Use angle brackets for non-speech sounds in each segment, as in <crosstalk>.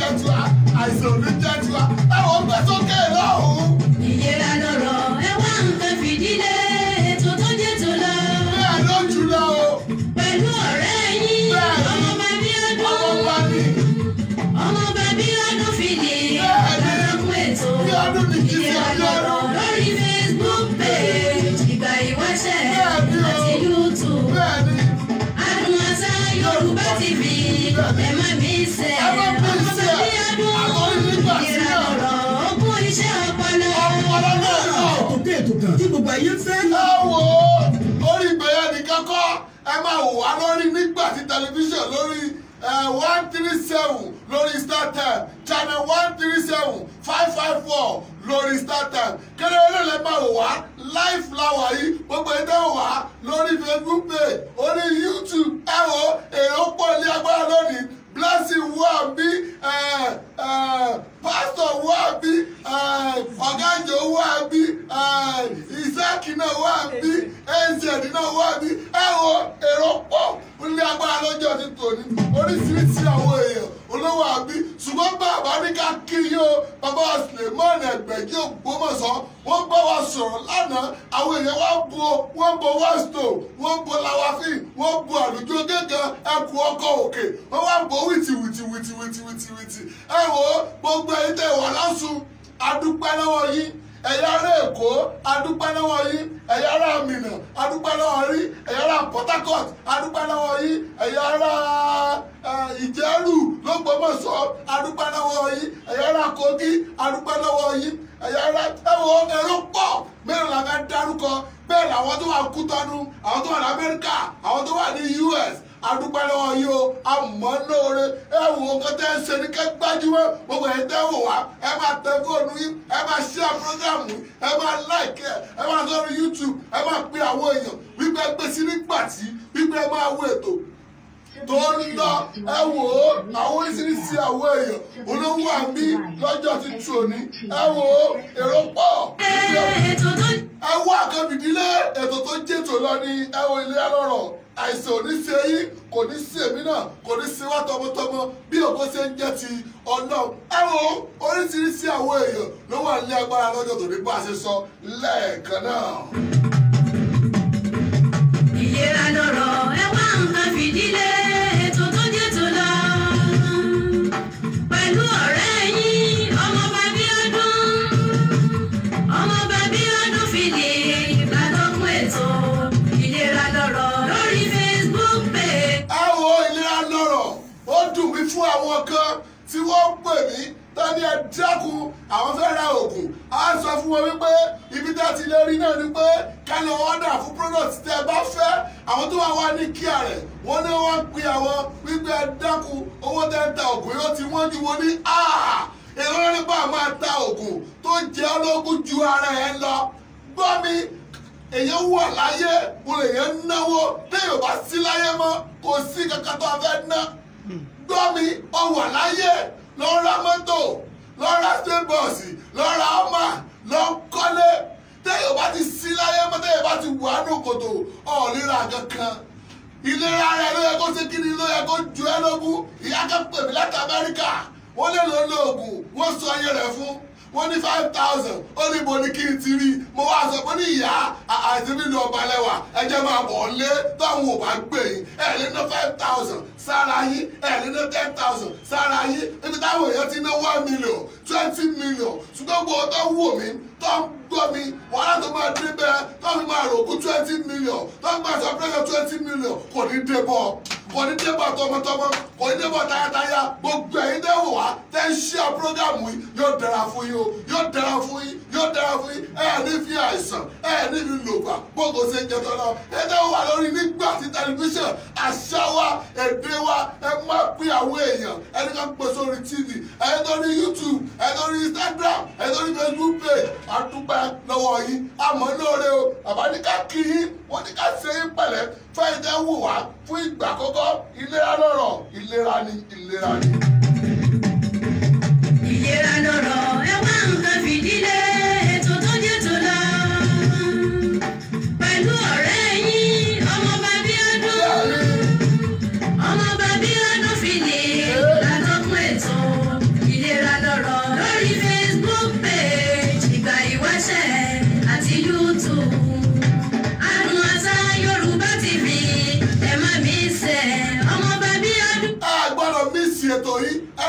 jẹ́ tiwa àìsàn ò ní jẹ́ tiwa ẹ̀wọ̀n gbé sókè lọ́hùn-ún. ìlera lọ̀rọ̀ ẹ wá nǹkan fìdílé. èyí tí ẹ wò ó orí ìgbéyà nìkan kọ́ ẹ máa wò wá lórí nígbà tí tẹlifíṣàn lórí one three seven lórí startime channel one three seven five five four lórí startime kéré lè máa wò wá Life flower yìí gbogbo ẹ̀ dáhùn wá lórí facebook page orí youtube ẹ wò èrò pọ̀ ní agbára lónìí blessing wo àbí pastor wo àbí ọ̀gájọ wo àbí ìsáàkì náà wo àbí ẹ̀ǹsẹ̀dì náà wo àbí ẹ̀wọ̀n èrò pọ̀ nílé agbára lọ́jọ́ ti tòní oríṣiríṣi àwọn èèyàn olówó àbí ṣùgbọ́n bàbá ní ká kí yín o bàbá Suleiman Ẹgbẹ̀jì Ògbómọ̀ṣọ́ wọ́n bá wa sọ̀rọ̀ lánàá àwọn èèyàn wá bu wọ́n bu wáṣítò wọ́n bu lawafí wọ́n bu àlùjọ gẹ́gẹ́ ẹkù ọkọ̀ òkè wọ́n wá bu wìtì wìtì wìtì wìtì wìtì wìtì wo gbogbo ẹ̀yin tẹ́ wà lásù adúpẹ́ lọ́wọ́ yín ẹ̀yà ará èkó adúpẹ́ lọ́wọ́ yín ẹ̀yà ará mìnà adúpẹ́ lọ́wọ́ yín ẹ̀yà ará port harcourt adúpẹ́ lọ́wọ́ yín ẹ̀yà ará ìjẹ́rù lọ́gbọ́mọ̀ṣọ́ adúpẹ́ lọ́wọ́ yín ẹ̀yà ará kogi adúpẹ́ lọ́wọ́ yín ẹ̀yà ará ẹ̀wọ̀ ẹ̀rọ pọ̀ mẹ́rin la fẹ́ dárúkọ bẹ́ẹ̀ làwọn tó wà kútọ́nu àwọn tó wà ní amẹ́ríkà àwọn tó wà ní us adúpẹ́ lọ́wọ́ yìí o àmọ́ lóore ẹ wò ó kọ́tẹ́ ẹ ṣe ní kẹ́ gbájúmọ́ gbogbo ẹ̀ tẹ́ wò wá ẹ máa tẹ fóònù yìí ẹ máa share program yìí ẹ máa like ẹ ẹ máa lórí YouTube ẹ máa pe àwọn èèyàn wípé ẹ gbèsè nígbà tí wípé ẹ máa wo ètò tó ń lọ ẹ wò ó àwọn oríṣiríṣi àwọn èèyàn olówó àbí lọ́jọ́ ti tù òní ẹ wò ó èrò pọ̀ ẹ wọ àkànbìdílé ètò tó jẹ́ lọ ní ẹ wò ilé ẹlọ́rọ̀ àìsàn ò ní ṣe yín kò ní ṣe èmi náà kò ní ṣe wá tọmọtọmọ bí ògo ṣe ń jẹ́ ti ọlọ́run ẹ wo oríṣiríṣi àwọn èèyàn ló wà ní agbára lọ́jọ́ tòní bá a ṣe sọ lẹ́ẹ̀kan náà. pè mí tọ́ni ẹ dákun àwọn fẹ́ ra oògùn á sọ fún wọn wípé ibi tá a ti lè rí náà ni pé ká lọ ọ́dà fún product tẹ́ ẹ bá fẹ́ àwọn tó wà wá ní kíá rẹ̀ wọ́n ní wọ́n ń pe àwọn wípé ẹ dákun owó tẹ́ ń ta oògùn yóò ti wọ́n ju wọn ní ah! èrò nípa máa ta oògùn tó jẹ́ ológun ju ara ẹ lọ gbọ́ mi èyàn wà láyé mo lè yẹn náwó téèyàn bá sí láyé mọ́ kò sí kankan tó a fẹ́ ná hmm. gbọ́ mi ọ wà láyé lọ ra mọ́tò lọ ra stébọ̀sì lọ ra ọmọ lọ kọ́lé téèyàn bá ti sí láyé mọ́ téèyàn bá ti wà ní kòtò ọ̀ọ́lera kankan ìlera rẹ ló yẹ kó ṣe kí ni ló yẹ kó ju ẹ lógún ìyá kan pè láti Amẹ́ríkà wọ́n lè lọ lóògùn wọ́n sọ ayé rẹ̀ fún wọ́n ní five thousand ó ní mo ní kí n ti rí mo wá sọ mo ní ìyá àti nínú ọba lẹ́wà ẹ jẹ́ máa bọ̀ ọ́lé táwọn ò bá gbé yín ẹ̀ lé five thousand sára yín ẹ̀ lé ten thousand sára yín ibi táwọn èèyàn ti ná one million twenty million ṣùgbọ́n gbogbo ọtọ́ wù mí tó ń gbọ́mi wàhálà tó máa dé bẹ́ẹ̀ tó fi máa rògùn twenty million tó ń gbà sọ pẹ́sẹ̀ twenty million kò ní dé bọ́ kò ní dé bọ́ tọmọtọmọ kò ní dé bọ́ tayátayá gbogbo ẹ̀yin tẹ́ wò wá tẹ́ ń ṣe àpúrógàmù yìí yóò dára fún yín o yóò dára fún yín yóò dára fún yín ẹ̀ ní fi àìsàn ẹ̀ ní fi lòpà gbogbo ṣe jẹ́ tọ́lá ẹ̀ tẹ́ wò wá lórí nígbà tẹlifíṣàn àṣà wa èdè wa ẹ má pín àwọn èèyàn ẹni kan pè sórí tv ẹni tó ní youtube ẹni tó ní instagram ẹni tó ní facebook page àdúgbò lọ́wọ́ yìí àmọ́ lóore o bàbá ní ká kí yín wọ́n ní ká ṣe é pẹ̀lẹ́ fẹ́ẹ́ jẹ́ wù wá fún ìgbà àkọ́kọ́ ìlera lọ́rọ̀ ìlera ni ìlera ni.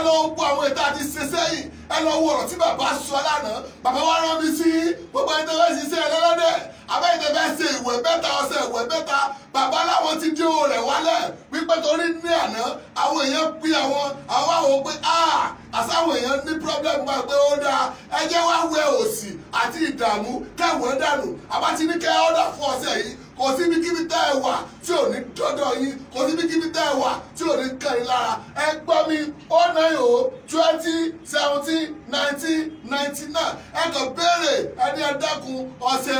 ẹ lọ wo àwọn ètò àti ṣe sẹ́yìn ẹ lọ wo ọ̀rọ̀ tí bàbá sọ lánàá bàbá wa rán mi sí gbogbo ẹni tó fẹ́ ṣiṣẹ́ ẹlẹ́lẹ́dẹ̀ abẹ́yẹ̀dẹ̀ fẹ́ ṣe ìwẹ̀ mẹ́ta ọ̀sẹ̀ ìwẹ̀ mẹ́ta bàbá láwọn ti dín owó wálẹ̀ wípé torí ní àná àwọn èèyàn pé àwọn àwọn àwọn pé àsáwọn èèyàn ní problem gba pé ó dáa ẹ jẹ́ wá wẹ òsì àti ìdààmú kẹwọ́n dànù àbá ti ní kẹ́ ọ́dà fún ọ̀sẹ̀ yìí kò síbi kíbi tẹ́ ẹ wà tí ò ní dọ́dọ̀ yín kò síbi kíbi tẹ́ ẹ wà tí ò ní kẹrin lára ẹ gbọ́ mi ó náyìn o twenty seventeen nineteen ninety nine ẹ kàn béèrè ẹni ẹ dákun ọ̀sẹ̀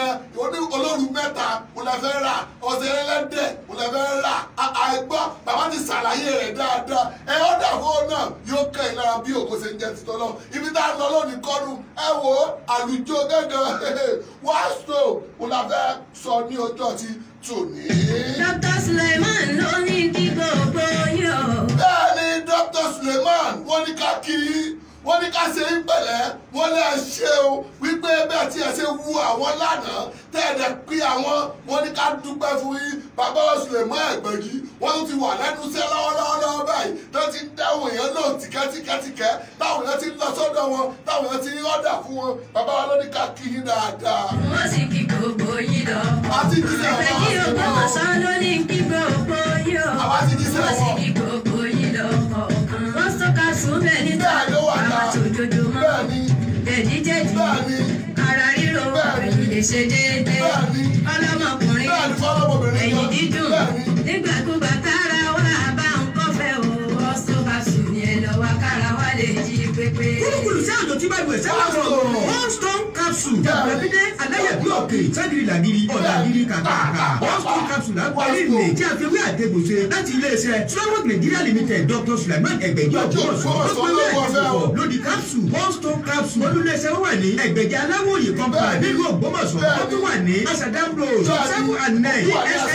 olóòrùn mẹ́ta kò lè fẹ́ rà ọ̀sẹ̀ ẹlẹ́dẹ̀ kò lè fẹ́ rà àìgbọ́ bàbá ti ṣàlàyé rẹ̀ dáadáa ẹ ọ̀dà fóònù náà yóò kẹrin lára bí òkú ṣe ń jẹ títọ́ lọ ibi tá a lọ lónìí kọ́nu ẹ wo àlùjọ gángan wàásù kò la sọ ní ọjọ́ ti tòní. Dr. Suleiman ló ní kí gbogbo yóò. Bẹ́ẹ̀ni Dr. Suleiman wọ́n ní ká kí wọ́n ní ká ṣe ìpẹ̀lẹ́ wọ́n lè ṣe o wípé bẹ́ẹ̀ tí ẹ ṣe wu àwọn lánàá tẹ́ẹ̀dẹ̀ pé àwọn wọ́n ní ká dúpẹ́ fún yín bàbá Suleiman Ẹgbẹ́gi wọ́n ti wà lẹ́nu iṣẹ́ lọ́wọ́lọ́wọ́ báyìí tó ti ń èèyàn lò tìkẹ́tìkẹ́tìkẹ́ táwọn èèyàn ti lọ sọ́dọ̀ wọn táwọn èèyàn ti ń ọ̀dà fún wọn bàbá wa ló ní ká kí yín dáadáa. wọ́n sì kí gbogbo yín lọ. àti kí sẹ́wọ̀n sùn bẹ́ẹ̀ ní tọ́ àwọn àtòjòjòmọ́ jẹ̀dí jẹ̀dí ara ríro ẹ̀yìn lè ṣe déédéé ọlọ́mọkùnrin ẹ̀yìn dídùn nígbàkúgbà tára wà bá ń kọ́fẹ́ o ọ̀ṣọ́ bá sùn yẹn lọ́wọ́ kára wà lè jí pépé. kúrúkúrú sí àjọ tí báyìí wẹ̀ sẹ́wọ̀n sọ̀rọ̀ èròjà rẹ̀ dédé aláyẹ̀bí òkè sẹ́gìrì làgìrì ọ̀làgìrì kàkàkà boston capsule àgbáyé ilé tí a fi wí àtẹ̀gùnṣe láti iléeṣẹ́ travel nigeria limited dr suleiman ẹgbẹ̀jọ ọ̀gbọ̀nsọ̀ lọ́pẹ̀lú ẹ̀kọ́ lòdì capsule boston capsule olùlẹ̀ṣẹ̀ wà ní ẹgbẹ̀jẹ̀ aláwòye kọ́ńpà nílùú ògbómọ̀ṣọ́ ó tún wà ní asadam road seven and nine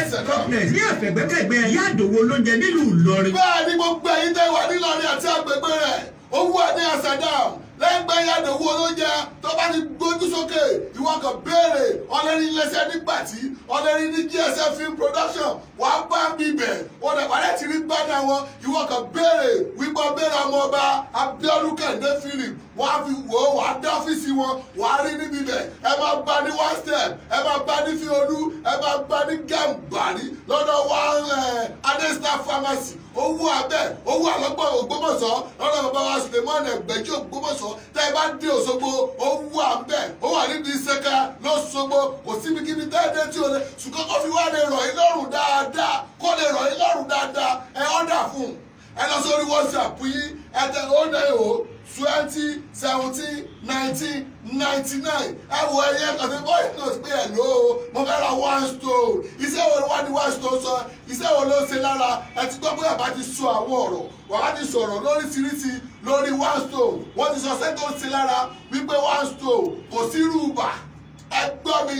ss complex ní àfẹ̀gbẹ́kẹ̀gbẹ́ yàdòwò lóúnjẹ nílùú ìlọrin. bẹ́ẹ̀ ni gbogbo ẹ̀yin tẹ́ wà nílọrin àti àgbègbè rẹ̀ owó ẹ̀ ní asadam lẹ́gbẹ̀ẹ́ yàdọ̀ owó olóúnjẹ tó bá ti gbójú sókè ìwọ kan béèrè ọlẹ́rìí lẹ́sẹ̀ nígbàtí ọlẹ́rìí ní gsm film production wà á bá mi bẹ̀ ọ̀nà ìpàdé ti rí gbádà wọn ìwọ kan béèrè wípé béèrè ọmọ ọba Abíọ́dún Kẹ́hìndé Philip wà á fi wò ó wà á dá ọ́fíìsì wọn wà á rí níbi bẹ̀ ẹ máa bá ní one step ẹ máa bá ní fiolú ẹ máa bá ní gẹ̀ǹbàrí lọ́dọ̀ wá adé pharmacy owó abẹ́ owó àlọ́gbọ́ Ògbómọ̀ṣọ́ ọ̀rọ̀ bàbá wa Sulemon Ẹgbẹ́jí Ògbómọ̀ṣọ́ tẹ́ ẹ bá dé Òṣogbo owó abẹ́ ó wà níbi ìṣẹ́ka lọ́sọ̀gbọ́ kò síbi kíbi tẹ́ẹ̀dẹ́ tí o lè ṣùgbọ́n kó fi wá lè rọ̀ yín lọ́rùn dáadáa kó lè rọ̀ yín lọ́rùn dáadáa ẹ ọ́dà fún ẹ lọ sórí WhatsApp yìí ẹ̀tẹ̀ ó dẹ̀ o twenty seventeen nineteen ninety nine ẹ wo ẹyẹ kàtí bóyá tó pé ẹ lò ó mo fẹ́ ra one stone iṣẹ́ wo wá ní one stone sọ iṣẹ́ wo ló ṣe lára ẹ ti gbọ́ bóyá bá ti sọ àwọn ọ̀rọ̀ wàá ti sọ̀rọ̀ lóríṣiríṣi lórí one stone wọ́n ti sọ ṣé tó ń ṣe lára wípé one stone kò sí rúbà ẹ gbọ́ mi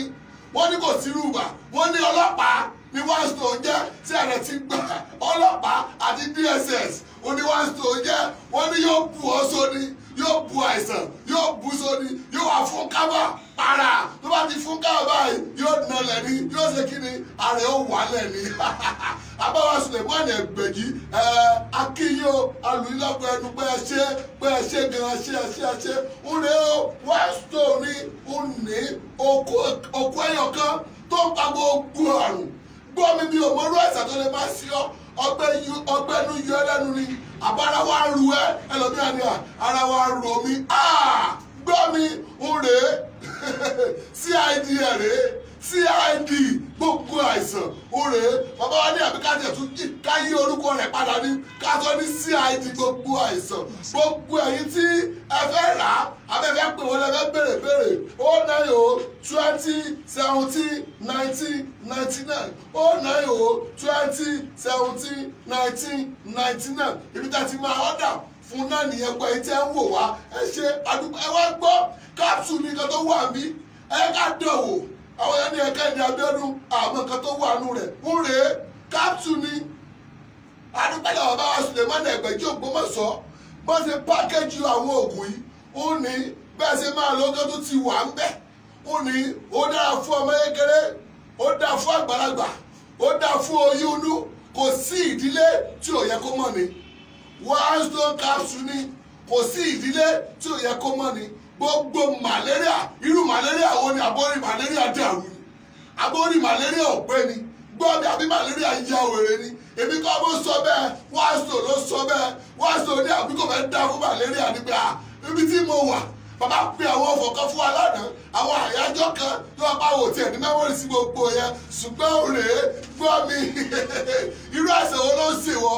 wọ́n ní kò sí rúbà wọ́n ní ọlọ́pàá bí one stone jẹ́ tí ààrẹ ti gbà ọlọ́pàá àti DSS ó ní one stone jẹ́ wọ́n ní yóò bu ọ sóni yóò bu àìsàn yóò bu sóni yóò wá fún kábà para tó bá ti fún kábà báyìí yóò nalẹ̀ ní yóò ṣe kí ni ààrẹ ó wàálẹ̀ ní <laughs> abáwá Suleiman Ẹgbẹ̀jì ẹ akínyó alùlọ́gbọ̀ ẹnu pé ẹ ṣe pé ẹ ṣe gan ṣe ẹ ṣe ẹ ṣe ń rẹ ó one stone ní ó ní okó ẹyọ tó ń pa àrùn gbọ́ mi bí òmòrú àìsàn tó lè máa sí ọ ọgbẹ́ inú yọ ẹlẹ́nu ni àbára wa ń ru ẹ ẹlòmíràn ni ara wa ń ro mi gbọ́ mi ń rèé <laughs> cid ẹ̀ rèé cid gbogbo àìsàn òrè bàbá wa ní àbíkájẹ tún jí káyé orúkọ rẹ̀ padà ní kátó ní cid gbogbo àìsàn gbogbo ẹ̀yin tí ẹ fẹ́ rà á abẹ́fẹ́ pè wọ́n lẹ́fẹ́ béèrè béèrè ó náyè o twenty seventeen nineteen ninety nine ó náyè o twenty seventeen nineteen ninety nine ibi tá a ti máa ọ́dà fún náà nìyẹn pé ẹ tẹ́ ń wò wá ẹ ṣe àdúgbò ẹ wá gbọ́ kápsù nìkan tó wà mí ẹ ká dán àwọn yẹn ní ẹ̀ka ẹ̀dí abẹ́dún àwọn nǹkan tó wà nù rẹ̀ ń rèé kápsù ni adúpẹ́lẹ̀ bàbá wa Suleiman Ẹgbẹ́jí Ògbómọ̀ṣọ́ bó ṣe pákéjì àwọn oògùn yìí ó ní bẹ́ẹ̀ ṣe máa lọ́jọ́ tó ti wà ń bẹ̀ ó ní ó dára fún ọmọ kékeré ó dáa fún àgbàlagbà ó dáa fún oyún inú kò sí ìdílé tí ò yẹ kó mọ̀ ni one stone capsule ni kò sí ìdílé tí ò yẹ kó mọ̀ ni gbogbo malaria irú malaria wo ni abọ́rí malaria dàrú ni abọ́rí malaria ọ̀pẹ ni gbọ́dọ̀ àbí malaria ya òrè ni èmi kọ́ bó sọ bẹ́ẹ̀ wàásù ló sọ bẹ́ẹ̀ wàásù ní àbí kò fẹ́ dá fún malaria nígbà ibi tí mo wà bàbá pe àwọn ọ̀fọ̀kan fún wa lánàá àwọn àyájọ́ kan tó wọ́n bá wò tiẹ̀ ní mẹ́wọ́rì sí gbogbo yẹn ṣùgbọ́n òrè gbọ́ mi <laughs> irú àṣẹ wo ló ń ṣèwọ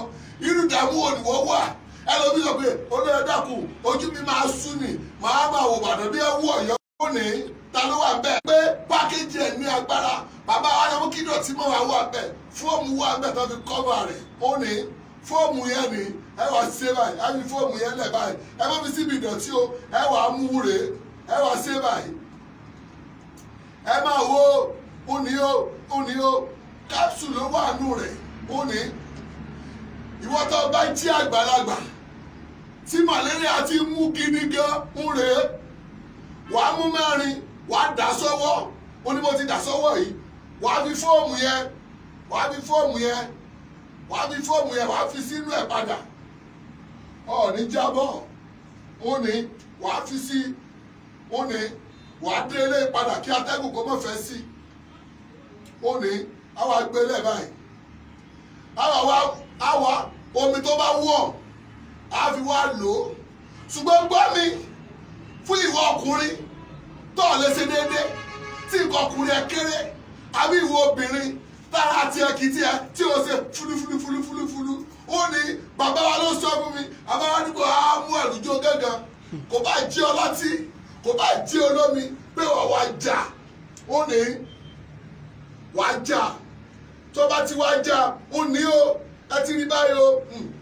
irú ìdààmú òníwọ́ wà ẹlòmí sọ pé olóyè dákun ojú mi máa sú ni màá máa wò bàdàn bí ẹwú ọ̀yọ́ òní ta ló wà bẹ́ẹ̀ pé pákéjì ẹ̀ ní agbára bàbá wa yẹn mú kí dọ̀tí mọ́ wa wà bẹ́ẹ̀ fóòmù wà bẹ́ẹ̀ tó fi kọ́mọ rẹ̀ òní fóòmù yẹn ni ẹ wà ṣe báyìí ẹ fi fóòmù yẹn lẹ̀ báyìí ẹ má fi síbi ìdọ̀tí o ẹ wà mú wúre ẹ wà ṣe báyìí ẹ máa wo òní o òní o capsule ló wà nù rẹ̀ òní ìwọ́tọ̀ bá jí àgbàlagbà tí malaria ti mú gidi gan ń rèé wàá mú mẹ́rin wàá dà sọ́wọ́ ó ní mo ti dà sọ́wọ́ yìí wàá fi fóòmù yẹn wàá fi fóòmù yẹn wàá fi fóòmù yẹn wàá fi sínú ẹ̀ padà ọ̀ọ́ni jábọ̀ ó ní wàá fi sí ó ní wàá dé ilé padà kí atẹ́gùn kó mọ̀ fẹ́ sí ó ní àwa gbélé báyìí àwa àwa omi tó bá wọ̀ á fi wá lò ó ṣùgbọ́n gbọ́ mi fún ìwọ ọkùnrin tó ò lè ṣe déédéé tí nǹkan ọkùnrin ẹ kéré àbí ìwọ obìnrin tára tiẹ̀ kì í tiẹ̀ tí o ṣe fúlúfúlúfúlúfúlú ó ní bàbá wa ló sọ fún mi bàbá wa ní kò á mú ẹ̀rùjọ gángan kò bá jẹ́ ọlọ́tí kò bá jẹ́ olómi pé wà wá jà ó ní wá jà tó bá ti wá jà ó ní o ẹ ti rí báyìí o. Hmm.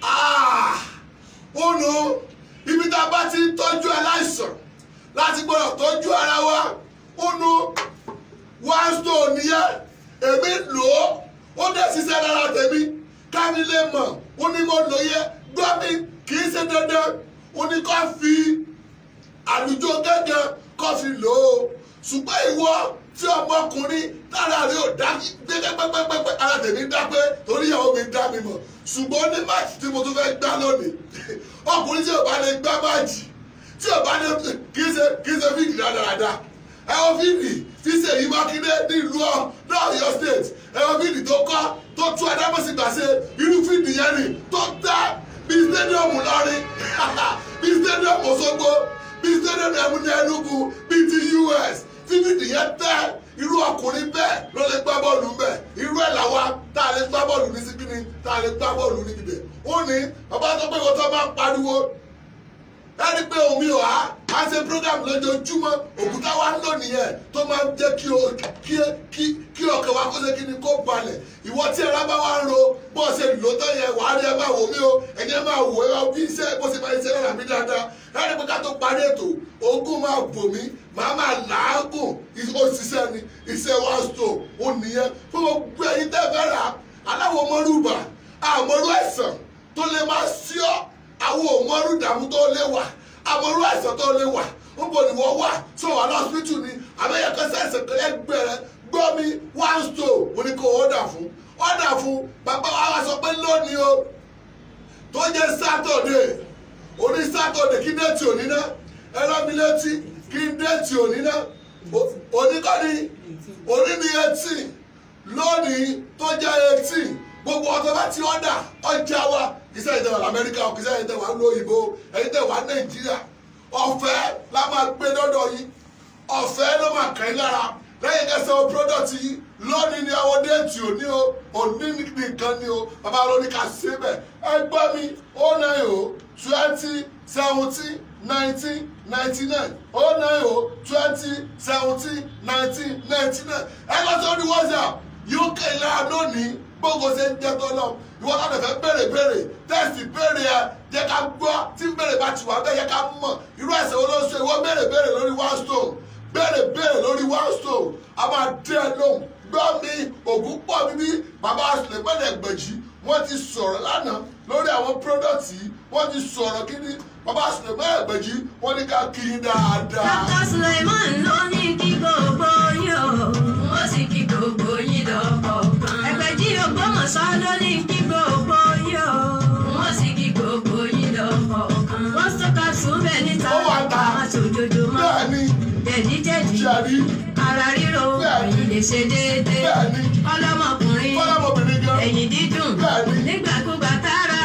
Ah! ó nu ibi tá a bá ti ń tọ́jú aláìsàn láti gbọ́dọ̀ tọ́jú ara wa ó nu one stone nìyẹn èmi lò ó ó dẹ̀ ṣiṣẹ́ lára tèmi káni lè mọ̀ ó ní mo lòye gbọ́ mi kì í ṣe dandan ó ní kó fi àlùjọ gángan kọ́ fi lò ó ṣùgbọ́n ìwọ tí ọmọkùnrin tára rẹ ò dá gbẹgbẹgbẹgbẹ ara tèmi dá pé torí ìyàwó mi dá mi mọ̀ ṣùgbọ́n ní máàjì tí mo tún fẹ́ gbá lónìí <laughs> ọkùnrin tí ò bá lè gbá máàjì tí ò bá lè kí ṣe kí ṣe fíìdì dáadáa ẹ wọ́n fíìdì tí Ṣèyí Mákindé ní ìlú Ọ̀yọ́ state ẹ wọ́n fíìdì tó kọ́ tó tú Adámọ̀sí gbà ṣe irú fíìdì yẹn ni tó dá bí stadium Ìlọrin <laughs> bí stadium Òṣogbo Enugu bíi ti US títí nìyẹn tẹ́ irú ọkùnrin bẹ́ẹ̀ ló lè gbá bọ́ọ̀lù bẹ́ẹ̀ irú ẹ̀ làwa tá a lè gbá bọ́ọ̀lù ní síbí ni tá a lè gbá bọ́ọ̀lù níbi bẹ́ẹ̀ ó ní bàbá sọ pé ìwọ́n tó máa ń pariwo ẹni pé omi ò á á ṣe program lójoojúmọ́ òkúta wa ń lò nìyẹn tó máa ń jẹ́ kí ọkàn wa kó ṣe kí ni kó balẹ̀ ìwọ tí ẹ rábà wá ń ro bó ṣe lò tán yẹn wàá rí ẹ máa wò mí o ẹni ẹ máa wò ẹ bí iṣẹ́ bó ṣe máa ṣe lára mi dáadáa láti pé ká tó parí ètò ogún máa bò mí màá máa làágùn òṣìṣẹ́ ni iṣẹ́ one stone ó nìyẹn fún gbogbo ẹ̀yin tẹ́ fẹ́ rà aláwọ̀ mọ́rùbà àmọ́rú ẹ̀sán tó lè máa ṣíọ́ àwọn ò mọrú ìdààmú tó lè wà àmọrú àìsàn tó lè wà níbo ni wọ́n wà tó wà lọ́sibítù ni abẹ́yẹ̀kọ́ sẹ̀sẹ̀ ẹgbẹ̀rẹ̀ gbọ́ mi one stone mo ní kó ọ̀dà fún ọ̀dà fún bàbá wa wá sọ pé lónìí o tó jẹ́ sátọ̀dé orí sátọ̀dé kí déètì òní ná ẹ̀rọ mi létí kí déètì òní ná oníkọ́ni orí ni eighteen lónìí tó jẹ́ eighteen gbogbo ọ̀tọ̀ bá ti ọ̀dà ọjà wa kì í sẹ́yìn tẹ́ wà lamẹ́ríkà kì í sẹ́yìn tẹ́ wà lóyìnbó ẹ̀yin tẹ́ wà nàìjíríà ọ̀fẹ́ la máa gbé lọ́dọ̀ yìí ọ̀fẹ́ ló máa kàn yín lára lẹ́yìn kẹsàn án product yìí lónìí ni àwọn déètì òní o òní nìkan ni o bàbá lóní ká ṣe bẹ̀ ẹ gbọ́ mi ó náà o twenty seventeen nineteen ninety nine ó náà o twenty seventeen nineteen ninety nine ẹ lọ sórí WhatsApp UK lára lónìí gbogbo ṣe ń jẹ́ tọ́lọ́ ìwọ náà lè fẹ́ béèrè béèrè tẹ́sì béèrè ẹ jẹ́ ká gbọ́ tí béèrè bá ti wà bẹ́ẹ̀ jẹ́ ká mọ̀ irú ẹ̀sẹ̀ wo ló ṣe ìwọ béèrè béèrè lórí one stone béèrè béèrè lórí one stone a máa dé ẹ lóhùn gbọ́ mi ògùn pọ̀ mi bí bàbá Suleiman Ẹgbẹ̀jì wọ́n ti sọ̀rọ̀ lánàá lórí àwọn pírọ́dọ̀tì wọ́n ti sọ̀rọ̀ kíní bàbá Suleiman Ẹgbẹ̀jì wọ́n ní ká kí dáadáa. bàbá Suleiman ló ní kí gbogbo ọ̀sán ló ní kí gbogbo yìí o. wọ́n sì kí gbogbo yìí lọ kọ̀ọ̀kan. wọ́n sọ́ka súnbẹ̀ níta lọ́pàá máa sòjòjò mọ́. jẹ̀díjẹ̀dí dídùn nígbàkúgbà tára.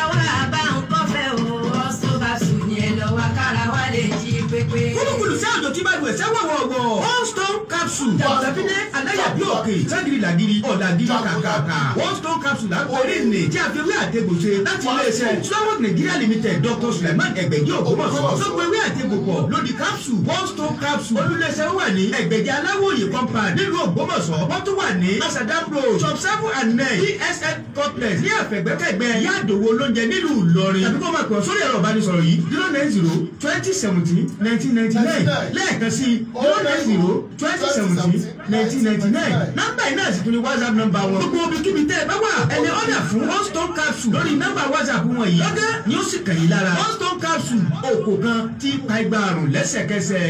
iṣẹ́ àjòjì balùwẹ̀ sẹ́wọ̀ wọ̀ọ̀gbọ̀ one stone capsule ọ̀làfíndé aláyàbí òkè sẹ́gìrì làgìrì ọ̀làgìrì kàkàkà one stone capsule àkórí nì tí a fi wí àtẹ̀gùn ṣe láti iléeṣẹ́ sọ́wọ́ nàìjíríà limited dr suleiman ẹgbẹ̀jẹ́ ògbómọ̀ṣọ́ sọ́gbẹ́ wí àtẹ̀gùn pọ̀ lórí capsule one stone capsule olùléṣẹ́ wà ní ẹgbẹ̀jẹ́ aláwòye compound nílùú ògbómọ̀ṣọ́ wọ́n tún wà ní masadam road shop seven and nine dsl complex ní àfẹ̀gbẹ́kẹ̀gbẹ́ yàdòwò lóúnjẹ nílùú ìlọrin tàbí kó máa pè sórí ẹ̀rọ ìbánisọ̀rọ̀ yìí zero nine zero twenty seventeen nineteen ninety nine lẹ́ẹ̀kan sí zero nine zero twenty seventeen nineteen ninety nine nọ́mbà yìí sì tún ní whatsapp nọ́mbà wọn. gbogbo obìkíbi tẹ́ ẹ bá wà ẹni ọ̀dà fún one stone capsule lórí nọ́mbà whatsapp wọn yìí lọ́gẹ́ ni ó sì kàn yín lára one stone capsule òkò kan ti pa igba àrùn lẹ́sẹ̀kẹsẹ̀.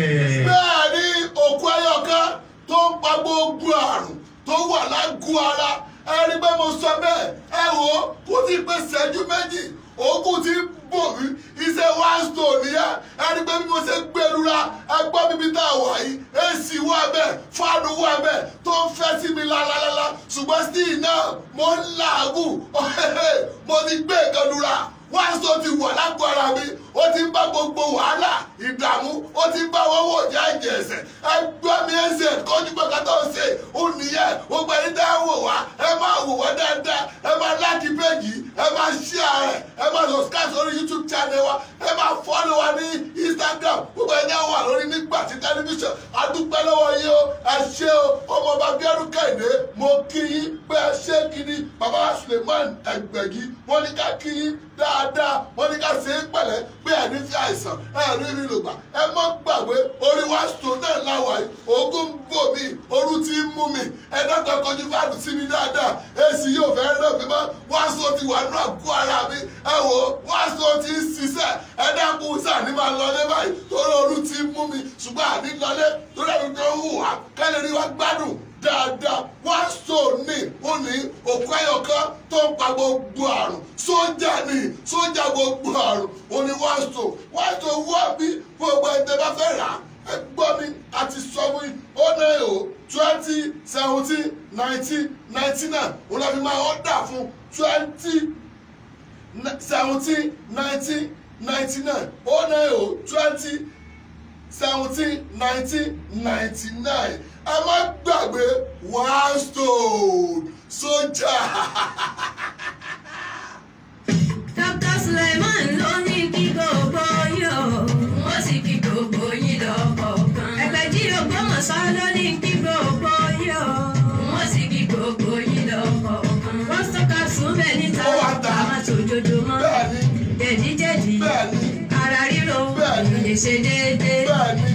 bẹ́ẹ̀ ni òkú ẹyọkẹ́ tó ń pa gbogbo àrùn tó wà lágùn ara ẹni pé mo sọ bẹ́ẹ̀ ẹ wò ó kó ti pé ṣẹ́jú méjì òkú ti bò mí iṣẹ́ one stone yẹn ẹni pé bí mo ṣe gbẹrura ẹgbọ́n bíbí tá a wà yìí èsì wà bẹ́ẹ̀ fáànù wà bẹ́ẹ̀ tó ń fẹ́ sí mi lálálálá ṣùgbọ́n still náà mo ń làágùn <laughs> mo ti gbé ìkànnura one stone ti wà lágbo ara mi ó ti ń bá gbogbo wàhálà ìdààmú ó ti ń bá wọ́wọ́ ìjà ìjẹ̀sẹ̀ ẹgbọ́n mi ẹ̀sẹ̀ kọ́jú pé kátó ṣe ó nìyẹn ó gbẹ́ni tẹ́ láti péjì ẹ máa share rẹ̀ ẹ máa subscribe sórí youtube channel wa ẹ máa follow wa ní instagram gbogbo ẹ̀yẹ́ wà lórí nígbà tí tẹlifíṣàn adúpẹ́ lọ́wọ́ yìí o ẹ ṣé o ọmọọba bíọ́dún kẹ́hìndé mo kí yín pé ẹ ṣé kí ni bàbá suleiman ẹgbẹ̀gì wọ́n kí yín dáadáa wọ́n ní ká ṣe é pẹ̀lẹ́ pé ẹ̀rí sí àìsàn ẹ̀rí rírò gbà ẹ má gbàgbé orí wá stone náà láwàá yìí oògùn bò mí orú ti ń mú mi ẹ dákọ̀ kọjú fáàdù sí mi dáadáa èsì yóò fẹ́ rẹ̀ mi mọ́ wá so ti wà nínú àgọ́ ara mi ẹ wò ó wá so ti ń ṣiṣẹ́ ẹ dákun sáà ní máa lọlé báyìí torí orú ti ń mú mi ṣùgbọ́n àní lọlé torí ẹ̀rù tó ń hùwà kẹ́lẹ́ wá gbádùn dáadáa wá sóòní ó ní òkú ẹyọkan tó ń pa gbogbo àrùn sójà ní sójà gbogbo àrùn ó ní wá sóò wá sóò wọ́n bí gbogbo ẹ̀dẹ̀ bá fẹ́ rà á gbọ́ mi àti sọ fún yín ó ní o twenty seventeen nineteen ninety nine òun la fi máa ọ́dà fún twenty seventeen nineteen ninety nine ó ní o twenty seventeen nineteen ninety nine ẹ má gbé gbàgbé one stone sójà. Dr. Suleiman ló ní kí gbogbo yín o wọ́n sì kí gbogbo yín lọ kọ̀ọ̀kan. Ẹgbẹ́jì Ògbómọ̀ṣọ́ ló ní kí gbogbo yín o wọ́n sì kí gbogbo yín lọ Wọ́n sọ́ka sùn bẹ́ẹ̀ níta àwọn tòjòjòmọ́ jẹ̀díjẹ̀dí ara ríro ìlè ṣe déédéé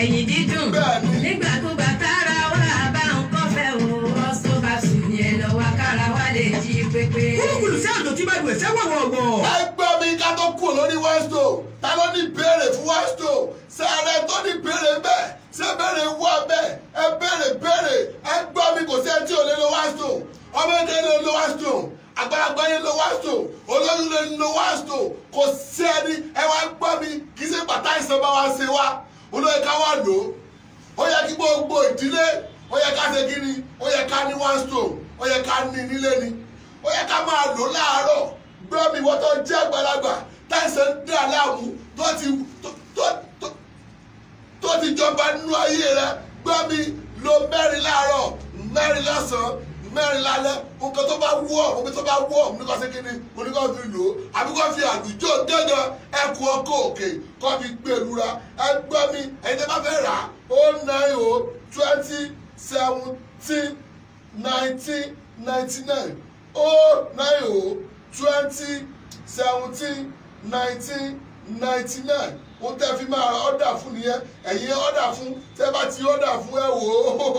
ẹ̀yìn dídùn nígbàkúgbà tára wà bá ń kọ́fẹ́ o ọ̀sọ́ bá sùn yẹn lọ wá kára wá lè jí pépé. kúrúkúrú sí àjò tí bá ìwẹ̀ sẹ́wọ̀n wọ̀gbọ̀. ẹ gbọ́ mi ká tó kú lórí wáṣọ ta ló ní béèrè fún wáṣọ sàrẹ tó ní béèrè bẹ́ẹ̀ ṣé béèrè wà bẹ́ẹ̀ ẹ béèrè béèrè ẹ gbọ́ mi kò sẹ́ni tí ò lè lo wáṣọ ọmọdé lè lo wáṣọ àgbàlagbà yẹn lo wáṣọ olóyún lo wáṣọ kò sẹ́ni ẹ wá gbọ́ mi kì í ṣe bàtà ìṣọba wa ṣe wá olóyè ká wà lò ó yẹ kí gbogbo ìdílé ó yẹ ká ṣe kí ni ó yẹ ká ní one stone ó yẹ ká ní nílé ni ó yẹ ká máa lò láàárọ̀ gbọ́ mi tó jẹ́ àgbàlagbà ti tó ti jọba nínú ayé lo mẹ́rin lálẹ́ nǹkan tó bá wú omi tó bá wú ọ oníkọ sí kíni oníkọ fi lò ó àbí kò fi àlùjọ gángan ẹkọ ọkọ òkè kò fi gbèrúra e ẹgbẹ́ mi ẹ̀yin tẹ́ bá fẹ́ rà ó nine o twenty seventeen nineteen ninety nine ó nine o twenty seventeen nineteen ninety nine ó tẹ́ fi máa ọ̀dà fún nìyẹn ẹ̀yin ọ̀dà fún tẹ́ bá ti ọ̀dà fún ẹ̀ wò ó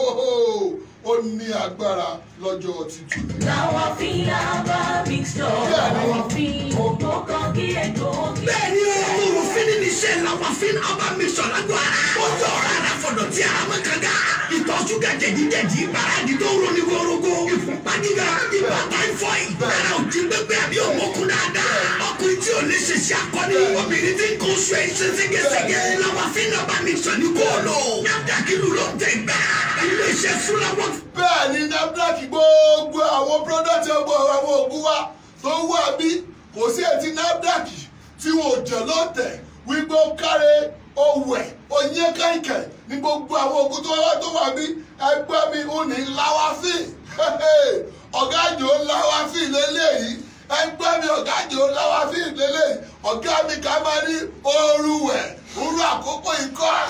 ó ní agbára lọ́jọ́ títù. làwọn fi yaba mixture làwọn fi ògbó kan kí ètò òkè. bẹ́ẹ̀ni oògùn òfin ní níṣẹ́ làwọn fi yaba mixture lágọ̀ọ́ ara. ó tọ́ ọ̀rọ̀ ara fọ̀dọ̀ tí ara mọ́ kanga. ìtọ̀ ṣúgà jẹ̀díjẹ̀dí bàrádì tó roni gorogo. ìfúnpá gíga ibà táífọ̀ì. ara ò jí gbégbé àbí òmókun dáadáa. ọkùnrin tí ò lè ṣèṣe akọni. obìnrin tí kò sọ èyí ṣe ségesège. làwọn fi yaba mixture ní kóòlò. nàdàkìlù ló ń tẹ̀ gbà ilé iṣẹ́ súnláwọ́. bẹ́ẹ̀ ni nafdac gbogbo àwọn product ọgbọ́n àwọn òògùn wa tó wà bí kò sí ètí nafdac tí wọn ò jẹ lọ́tẹ̀ wípé ó kárẹ́ owó oyin kẹ̀kẹ́ ní gbogbo àwọn òògùn tó wà bí ẹgbẹ́ mi ò ní láwáfì <laughs> ọ̀gá àjò láwáfì lélẹ́yìí ẹgbẹ́ mi ọ̀gá àjò láwáfì lélẹ́yìí ọ̀gá mi ká máa ní ooru wẹ̀ ooru àkókò ikọ́ <laughs>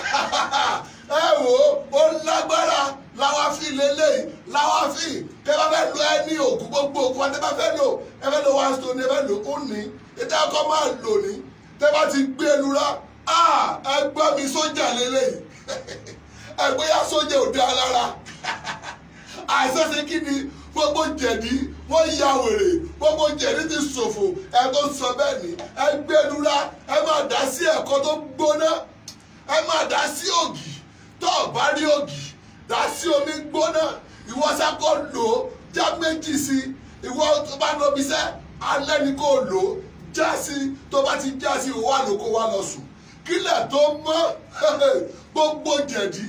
ẹ wò ó lágbára láwa fi lélẹ̀ láwa fi tẹ bá fẹ́ lo ẹni òkú gbogbo òkú wa tẹ bá fẹ́ lò ẹ fẹ́ lo one stone ẹ fẹ́ lò ó ní ètò ẹ̀kọ́ máa lò ní tẹ bá ti gbé ẹnu rá ẹ gbọ́ mi sójà lélẹ̀ <laughs> ẹ gbéyà sójà ò dá <laughs> àìsàn ṣe kí ni gbogbo jẹ̀dí wọ́n ya wèrè gbogbo jẹ̀dí ti ṣòfò ẹ tó ń sọ bẹ́ẹ̀ ni ẹ gbẹ́dúrà ẹ máa dá sí ẹ̀kọ́ tó gbóná ẹ máa dá sí ògì tó o bá rí ògì dá sí omi gbóná ìwọ sáko lò ó já méjì sí ìwọ tó bá lọ bí sẹ́ alẹ́ ni kò lò ó já sí tó bá ti já sí ìwọ àlòkò wa lọ sùn kílẹ̀ tó mọ́ <laughs> gbogbo jẹ̀dí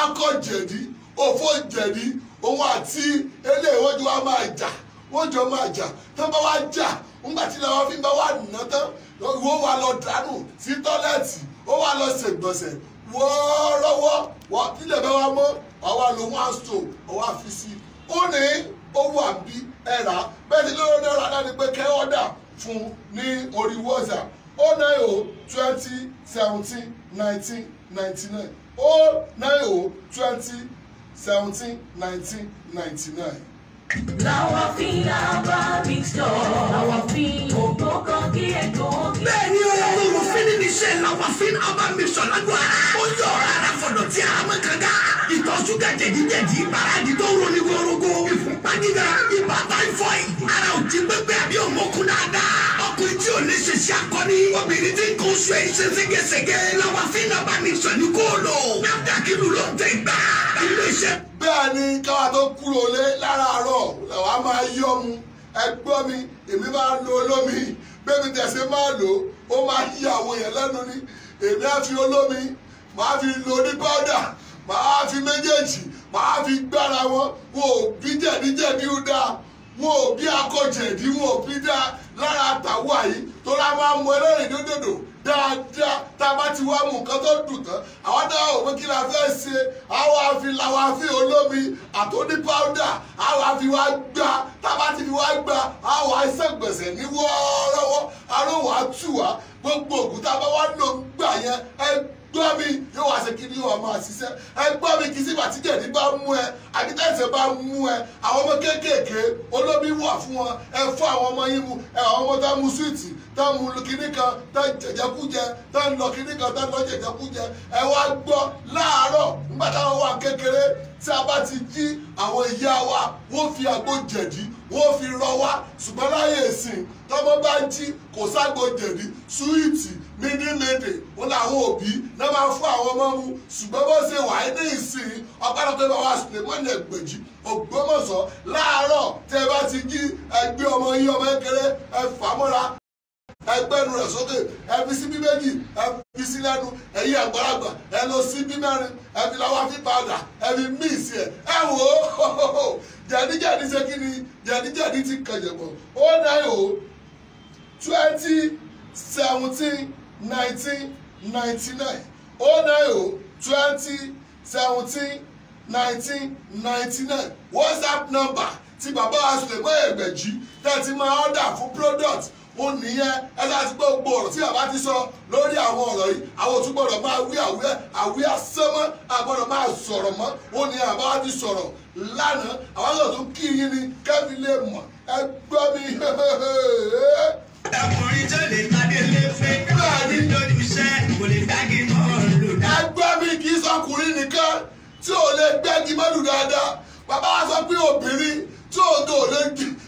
akọ jẹ̀dí òfò jẹ̀dí òun àti eléyìí wọ́n jọ wá máa jà wọ́n jọ máa jà tán bá wá jà ńgbà tí làwọn fi ń bá wà nínú tán ìwọ wa lọ dànù sí tọ́lẹ̀tì ó wà lọ ṣègbọ̀nsẹ̀ wọ́ọ́rọ́wọ́ wọ́n tilẹ̀ bẹ́ẹ̀ wá mọ́ àwa lo one stone ọwọ́ sí ó ní owó àbí ẹ̀rà bẹ́ẹ̀ ni lórí ọ̀dọ́ rárá ni pé kẹ́ ọ̀dà fún ní orí WhatsApp ó náà yóò twenty làwọn fi lábá big store làwọn fi ògbókan kí ẹ̀gbọ́n kí. bẹ́ẹ̀ ni olórí mo fi níbi iṣẹ́ làwọn fi lábá mi sọ lágbára ó yọ ọ̀rá ara fọ̀dọ̀ tí a mọ̀ kankan ìtọ̀ ṣúgà jẹ̀díjẹ̀dí ìparadì tó roni worogo ìfúnpá gíga ibà táífọ̀ì ara ò ti gbẹgbẹ àbí òmokun dáadáa ọkùnrin tí ò lè ṣe ṣe akọni obìnrin tí kò sọ èyí ṣe ségesège làwọn fi lábá mi sọ ní kóòlò nàdàkìlù ló ń tẹ̀ gbàá ilé iṣẹ́. bẹ́ẹ̀ ni káwa tó kúrò lé láràárọ̀ làwa máa yọ́ mu ẹgbọ́ mi èmi máa lo olómi bẹ́ẹ̀ mi tẹ̀sí máa lò ó máa yí àwọn èèyàn lẹ́nu ni èmi á fi olómi màá fi lo ní pọ́dà màá fi méjèèjì màá fi gbára wọn wọn ò bí jẹ̀díjẹ̀dí ó dáa wọn ò bí akọ̀jẹ̀dí wọn ò bí dáa lára àtàwọn àyí tó la máa mú ẹlẹ́rìn dódòdò dáadáa tá a bá ti wá mú nǹkan tó dùn tán àwọn náà ò kí la fẹ́ ṣe àwọn àfin làwọn àfin olómi àtòní pàwùdà àwọn àfin wá gbà tá a bá ti fi wá gbà àwọn àìsàn gbèsè ní wọ́ọ́rọ́wọ́ àrùn wàá tù wá gbogbo òkúta bá wá lò gbà yẹn ẹ gbọ́ mi yóò wá ṣe kíni yóò máa ṣiṣẹ́ ẹ gbọ́ mi kì í sígbà tí jẹ̀dí bá mú ẹ àdìtẹ̀sẹ̀ bá mú ẹ àwọn ọmọ kéékèèké olómi wà fún wọn ẹ fún àwọn ọmọ yín mu ẹ àwọn ọmọ tá mu súwìtì tá mu kíní kan tá jẹjẹkújẹ tá lọ kíní kan tá lọ jẹjẹkújẹ ẹ wá gbọ́ láàárọ̀ nígbà táwọn wà kékeré tí a bá ti jí àwọn ìyá wa wọ́n fi àgbo jẹ̀dí wọ́n fi rọ wá ṣùgbọ́n láyé ìsìn tọ́mọ bá ń jí kò ságbo jẹ̀dí súwìtì mídínlédè ó làwọn òbí náà máa fún àwọn ọmọ mu ṣùgbọ́n bó ṣe wà ní ìsìn ọ̀pára tó bá wà sùlẹ̀mọ́nì ẹ̀gbẹ̀jì Ògbómọ̀ṣọ́ láàárọ̀ tẹ́ ẹ bá ti jí ẹgbẹ́ ọmọ yín ọmọ kékeré ẹ fà á mọ́ra ẹgbẹ́nu rẹ̀ sókè ẹbí síbí méjì ẹbí sí lẹ́nu ẹ̀yí àgbàlagbà ẹ lọ síbí mẹ́rin ẹbí làwọn fi padà ẹbí míìsì ẹ̀ ẹ wò ó jẹ̀díjẹ̀dí ṣe kí ni jẹ̀díjẹ̀dí ti kẹ̀jẹ̀ bọ̀ ó náà yòó twenty seventeen nineteen ninety nine oh nine oh twenty seventeen nineteen ninety nine whatsapp number ti bàbá àsùnlẹ̀gbọ́n ẹ̀gbẹ̀jì tẹ́tí máa order fún product ó nìyẹn ẹ láti gbọ́ gbogbo ọ̀rọ̀ tí bàbá ti sọ lórí àwọn ọ̀rọ̀ yìí àwọn òtún gbọ́dọ̀ máa wí àwíyá àwíyá sẹ́mọ́ àgbọ́dọ̀ máa sọ̀rọ̀ mọ́ ó ní àbá ti sọ̀rọ̀ lánàá àwọn àgbà tó kí yín ni kẹ́mi lè mọ̀ ẹ gbọ́ mi. ẹkùnrin <laughs> jẹ́ lè tàdé lé fẹ́. tí ò lè gbẹ́gi mọ́lù dáadáa bàbá wa sọ pé obìnrin tí ò tó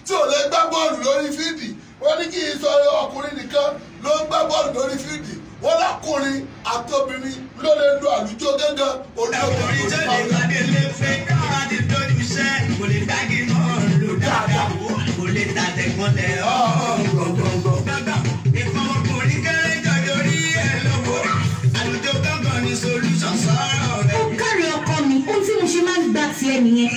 tí ò lè gbá bọ́ọ̀lù lórí fídì wọ́n ní kí n sọ ọkùnrin nìkan ló ń gbá bọ́ọ̀lù lórí fídì wọ́n lákùnrin àtobìnrin ló lè lo àlùjọ gángan olóògbé tó ní pàmò. kò lè tàtẹ̀gbọ́n lẹ̀ ọ́ gbọ̀ngbọ̀ngbọ̀. bàbá ìfọwọ́kùnrin kẹrẹ́jọ́ lórí ẹ̀ lọ́wọ́ àlùjọ gángan ní solú bóun ṣe máa ń gbà tiẹ̀ nìyẹn.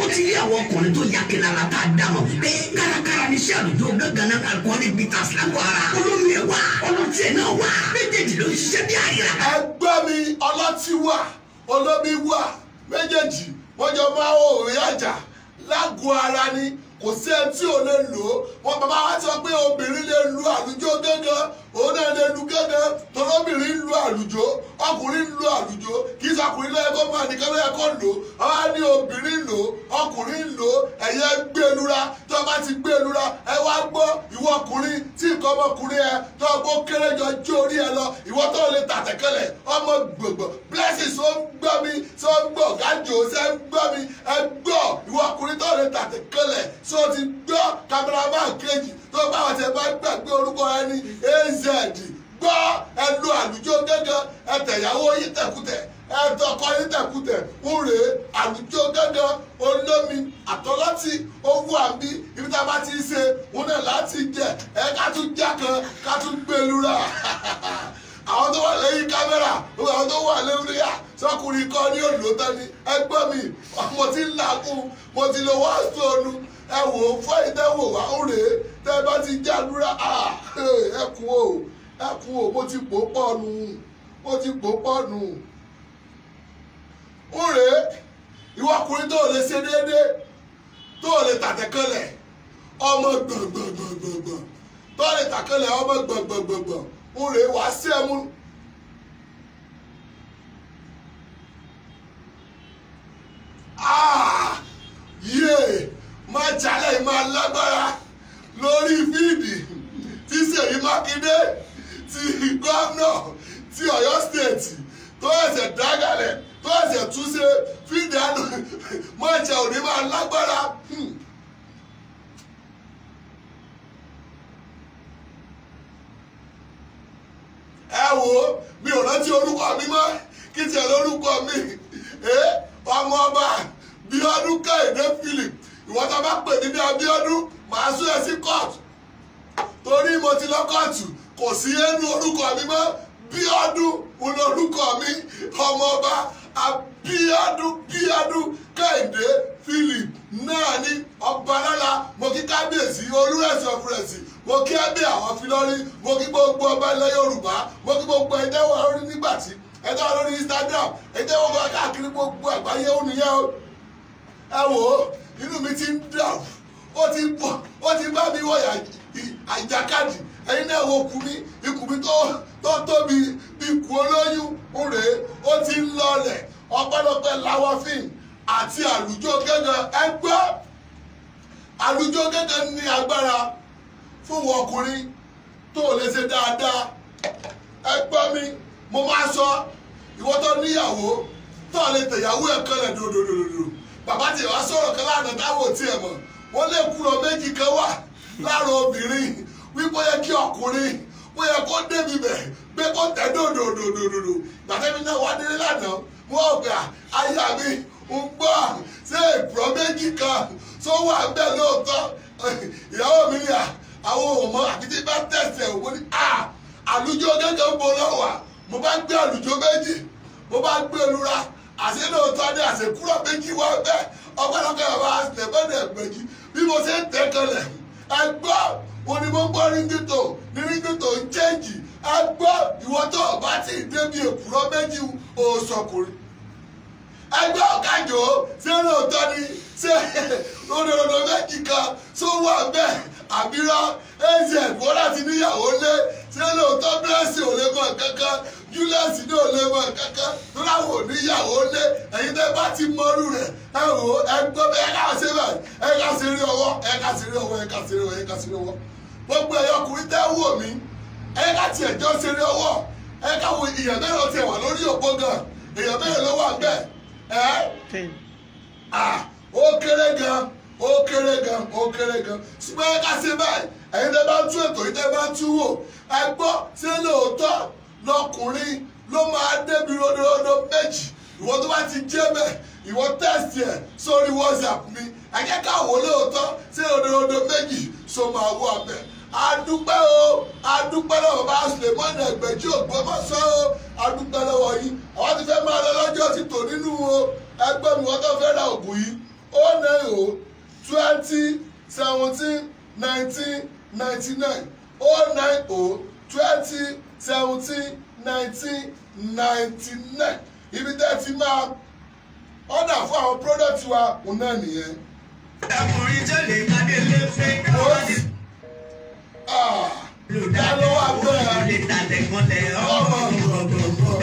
ó ti rí àwọn ọkùnrin tó yà kìlára tá a dà mọ̀ pé kárakára ní iṣẹ́ àdúgbò gángan alcoholic bitters lágọ̀ ara olómi ẹ̀ wá ọlọ́tí ẹ̀ náà wá méjèèjì ló ń ṣiṣẹ́ bí àyà. ẹgbẹ́ mi ọlọ́tí wà olómi wà méjèèjì wọ́n jọ máa ń òwe àjà lágọ̀ ara ni kò sí ẹni tí ò lè lò ó wọn bàbá wa sọ pé obìnrin lè lu àlùjọ gángan òun náà lè lu gángan tọ́lọ́bìnrin lu àlùjọ ọkùnrin lu àlùjọ kì í sọkùnrin lọ́yẹ kó máa nìkan lọ́yẹ kó lò ó wọn á ní obìnrin lò ó ọkùnrin lò ó ẹ̀yẹ gbẹlura e tó bá ti gbẹlura e ẹ wá gbọ́ ìwọ ọkùnrin tí nǹkan ọmọkùnrin ẹ tó gbó kéré jọ jó orí ẹ lọ ìwọ tó lè tàtẹ̀kẹlẹ̀ ọmọ gbogbo blessings ó ń gbọ́ mi tó ń gbọ́ gájò ó ń gbọ́ mi ẹ gbọ́ ìwọ ọkùnrin tó lè tàtẹ̀kẹlẹ̀ tó ti gbọ́ cameraman kejì tó bá wọn tẹ bá gbàgbé orúkọ ẹni az gbọ́ ẹlú àlùjọ gángan ẹtẹ̀yàwó yín tẹ̀kútẹ̀ ẹ̀dọ́kọ yín tẹ̀kútẹ̀ ń rèé àlùjọ gángan olómi àtọ́láti owó àbí ibi tá a bá ti ṣe òun náà láti jẹ ẹ ká tún já kan ká tún gbẹlúra e <laughs> àwọn tó wà lẹ́yìn kámẹ́rà gbogbo àwọn tó wà lórí à sọkùnrin kan ní òdòdó tán ni ẹgbẹ́ mi mo ti ń làákùn mo ti lo wáṣọ olú ẹ wò ó fún ẹ̀yin tẹ́ wò wá ó rèé tẹ́ bá ti jádúrà ẹkùn o ẹkùn o mo ti pò pọ́ọ̀nù mo ti pò pọ́ọ̀nù ó rèé ìwọ ọkùnrin tó lè ṣe déédéé tó lè tàtẹ́kọ́lẹ̀ ọmọ gbọ̀ngbọ̀ngbọ̀ngbọ̀n tó lè tàkọ́lẹ̀ ọmọ gbọ̀ngbọ̀ngbọ̀ngbọ̀n ó rèé wàá sí ẹmú. ti gómìnà ti Ọ̀yọ́ steeti tó ẹsẹ̀ dágàlẹ̀ tó ẹsẹ̀ túnṣe fídíò àná òní máa lágbára. Hmm. ẹ wo mi ò rántí orúkọ mi mọ́ kí tiẹ̀ lórúkọ mi ọmọ ọba bíi Kẹ́hìndé Philip ìwọ́n a bá pè ní Abíọ́dún màá sún ẹ sí kóòtù ti lọ kò sí ẹnu orúkọ mi mọ́ bíọ́dún olórúkọ mi ọmọ ọba abíọ́dún bíọ́dún kẹ́hìndé philip náà ní ọba lára mo kí kábíyèsí olúrẹ̀sì ọ̀fúrẹ̀sì mo kí ẹbí àwọn filọ́rí mo kí gbogbo ọba ilẹ̀ yorùbá mo kí gbogbo ẹjẹ́ wa lórí nígbà tí ẹjẹ́ wa lórí instagram ẹjẹ́ wa lórí káàkiri gbogbo àgbáyé ó nìyẹn o ẹ wò ó inú mi ti ń dà ó ti bá mi wọ àjàkadì ẹ̀yin náà wo kù mi ikùn mi tó tóbi bí ikùn olóyún ń rèé ó ti ń lọlẹ̀ ọpẹ́lọpẹ́ láwáfíìn àti àlùjọ gẹ́gẹ́ ẹgbẹ́ àlùjọ gẹ́gẹ́ ní agbára fún ọkùnrin tó lè ṣe dáadáa ẹgbẹ́ mi mo máa sọ ìwọ tó níyàwó tó lè tẹ̀yàwó ẹ̀ kan lẹ̀ dòdòdòdò bàbá tí wàá sọ̀rọ̀ kan láàdá táwọn ò tiẹ̀ mọ̀ wọ́n lè kúrò méjì kan wà láàrọ̀ obìnrin wípé yẹ kí ọkùnrin bó yẹ kó débi bẹ̀ gbé kó tẹ̀ dòdòdòdòdò gbàtẹ́mi náà wá délé lánàá wọ́n gbà ah, aya mi ń gbọ́ ṣé ìpùrọ̀ méjì kan tó wà bẹ́ẹ̀ lóòótọ́ ìyàwó mi yà ah, àwọn ọmọ àkìtì bá tẹ̀sẹ̀ òwò ní à àlùjọ gẹ́gẹ́ ń bọ̀ lọ́wọ́ mo bá gbé àlùjọ méjì mo bá gbé olúra àṣẹ lóòótọ́ ni àṣẹ kúrò méjì wá bẹ́ẹ̀ ọgbẹ́lọgbẹ́ bàbá àṣẹ bẹ́ẹ̀ ní ẹgbẹ̀jì bí mo ṣe ń tẹ́ kanlẹ̀ ẹgbọ́n onímọ̀ gbọ́ ríngìtò ní ríngìtò ń chẹ́ǹjì á gbọ́ ìwọ tó o bá ti débi èkúrọ́ méjì òòsọkùnrin ẹgbẹ́ ọ̀kadì ó ṣé lóòótọ́ ni ṣé ròdòròdò méjì kan tó wà bẹ́ẹ̀ àbírọ́ az wọ́n láti níyàwó lé ṣé lóòótọ́ bírẹ́sì ò lè mọ̀ kankan júlẹ̀sì náà lè mọ kankan ráwò níyàwó lé ẹ̀yin tẹ́ bá ti mọ́rú rẹ̀ ẹ wò ó ẹ gbọ́ bẹ́ẹ̀ ẹ ká ṣe bẹ́ẹ̀ ẹ ká ṣe rí ọwọ́ ẹ ká ṣe rí ọwọ́ ẹ ká ṣe rí ọwọ́ ẹ ká ṣe rí ọwọ́ gbogbo ẹ̀yọ ọkùnrin tẹ́ wò mí ẹ ká tiẹ̀ jọ ṣe rí ọwọ́ ẹ ká wo ìyẹn mẹ́rin tiẹ̀ wà lórí òpó gan èèyàn mẹ́rin ló wà bẹ́ẹ̀ ẹ́ ó kéré gan ó kéré gan ó kéré gan ṣùgbọ́n ẹ ká ṣe bẹ́ẹ̀ ẹ̀yin tẹ́ bá tú ètò yìí tẹ́ bá tú wò ẹ gbọ́ ṣé lóòótọ́ lọkùnrin ló máa débi rododo méjì ìwọ tó bá ti jẹ́ bẹ́ẹ̀ ìwọ tẹ́sì ẹ̀ sórí whatsapp mi ẹ jẹ́ ká wò lóòótọ́ sí rododo méjì so máa wọ abẹ́ adúpẹ́ o adúpẹ́ lọ́wọ́ bá Sulemon Ẹgbẹ́jí Ògbómọ̀ṣọ́ o adúpẹ́ lọ́wọ́ yìí àwọn ti fẹ́ máa lọ lọ́jọ́ ti tò nínú o ẹgbẹ́ mi wọ́n tó fẹ́ ra òògùn yìí ó lè o twenty seventeen nineteen ninety nine ó nine o twenty seventeen nineteen ninety nine ibi tẹ́ ti máa ọ̀dà fún àwọn product wa òun náà nìyẹn. ọkùnrin tó lè kádé lé fẹ́ káwọn ti. olùdarí owó lè tàlẹ̀ mọ́lẹ̀ ọmọ gbọ̀ngbọ̀ngbọ̀.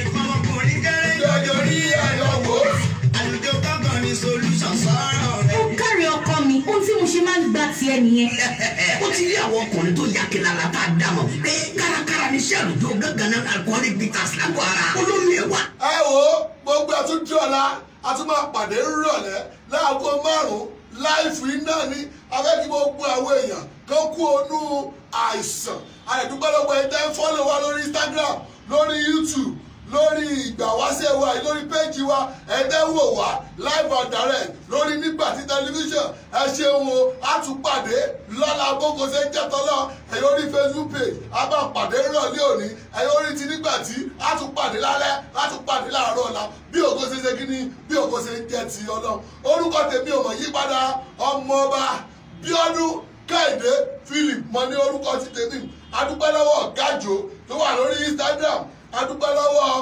ìfọwọ́ ọkùnrin kéré yọjọ rí àyọ̀wò. àlùjọ kankan ni solution sọ̀rọ̀ rẹ̀. ó kárí ọkọ mi ohun tí mo ṣe máa ń gbà tiẹ̀ nìyẹn. <laughs> ó ti rí àwọn ọkùnrin tó yá kí lára tá a dá mọ̀ pé artificial jo gangan alcoholic bitters lágbo ara olómi ẹ wà. ẹ wo gbogbo àtúntì ọ̀la a tún máa pàdé rírọ̀lẹ́ láago márùn-ún láìfì náà ni afẹ́kí gbogbo àwọn èèyàn kan kú onú àìsàn àìdúgbọ́lọ́gbọ́ ẹ̀ fọ́lọ̀ wa lórí Instagram lórí YouTube lórí ìgbàwáṣẹ́ wa lórí péjì wa ẹ̀ẹ́dẹ́wò wa live and direct lórí Nígbàtí tẹlifíṣàn ẹ ṣeun o a tún pàdé lọ́la bóko ṣe ń jẹ́tọ́lọ́ ẹ Facebook page a bá pàdé rọ̀lẹ́ òní ẹ lórí ti Nígbàtí a tún pàdé lálẹ́ a tún pàdé láàárọ̀ ọ̀la bí ògo ṣe ṣe kí ni bí ògo ṣe ń jẹ́ ti Ọlọ́run orúkọ tèmi ò mọ̀ yípadà ọmọọba Bíọ́dún Kẹ́hìndé Philip mọ ní orúkọ ti tèmi adúpẹ́ lọ́wọ́ ọ̀gájò tó wà lórí Instagram adúpẹ́ lọ́wọ́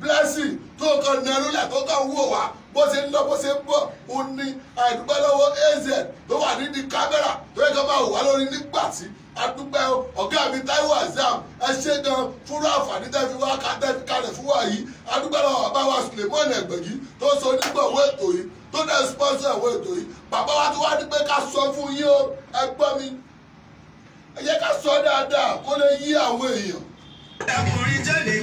blessing tó kàn ní ẹlúlẹ̀ tó kàn wò wá bó ṣe ń lọ bó ṣe ń bọ̀ ó ní àìdúpẹ́ lọ́wọ́ az tó wà nídìí kámẹ́rà tó yẹ kó máa wò wá lórí nígbà tí adúpẹ́ ọ̀gá mi Táíwò Azam ẹ ṣe gan fúnra àǹfààní tẹ́ fi wá ká tẹ́ fi kalẹ̀ fún wa yìí adúpẹ́ lọ́wọ́ bàbá wa Sulemon Ẹgbẹ̀gí tó so onígbọ̀wọ́ ètò yìí tó dẹ̀ sponsor ẹ̀wọ́ ètò yìí bàbá wa tó wá ní pé ká sọ fún yín o ẹ gbọ́ mi ẹ jẹ́ ká sọ dáadáa kó lè yí àwọn èèyàn. ẹkùnrin jẹ́ lè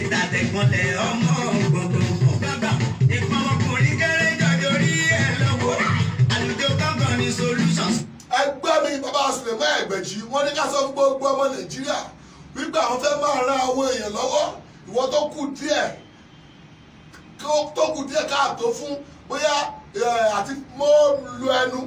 ti tàtẹ̀gbọ́ntẹ̀ ọmọ gbogbo bàbá ìpamọ́ ọkùnrin kéré jọjọ rí ẹ lọ́wọ́ àlùjọ kankan ní solutions. ẹgbẹ́ mi bàbá sinimá ẹ̀gbẹ̀jì wọ́n ní ká sọ fún gbogbo ọmọ nàìjíríà wípé àwọn fẹ́ máa ran àwọn èèyàn lọ́wọ́ ìwọ tó kù díẹ̀ tó kù díẹ̀ káàtó fún bóyá àti mo lu ẹnu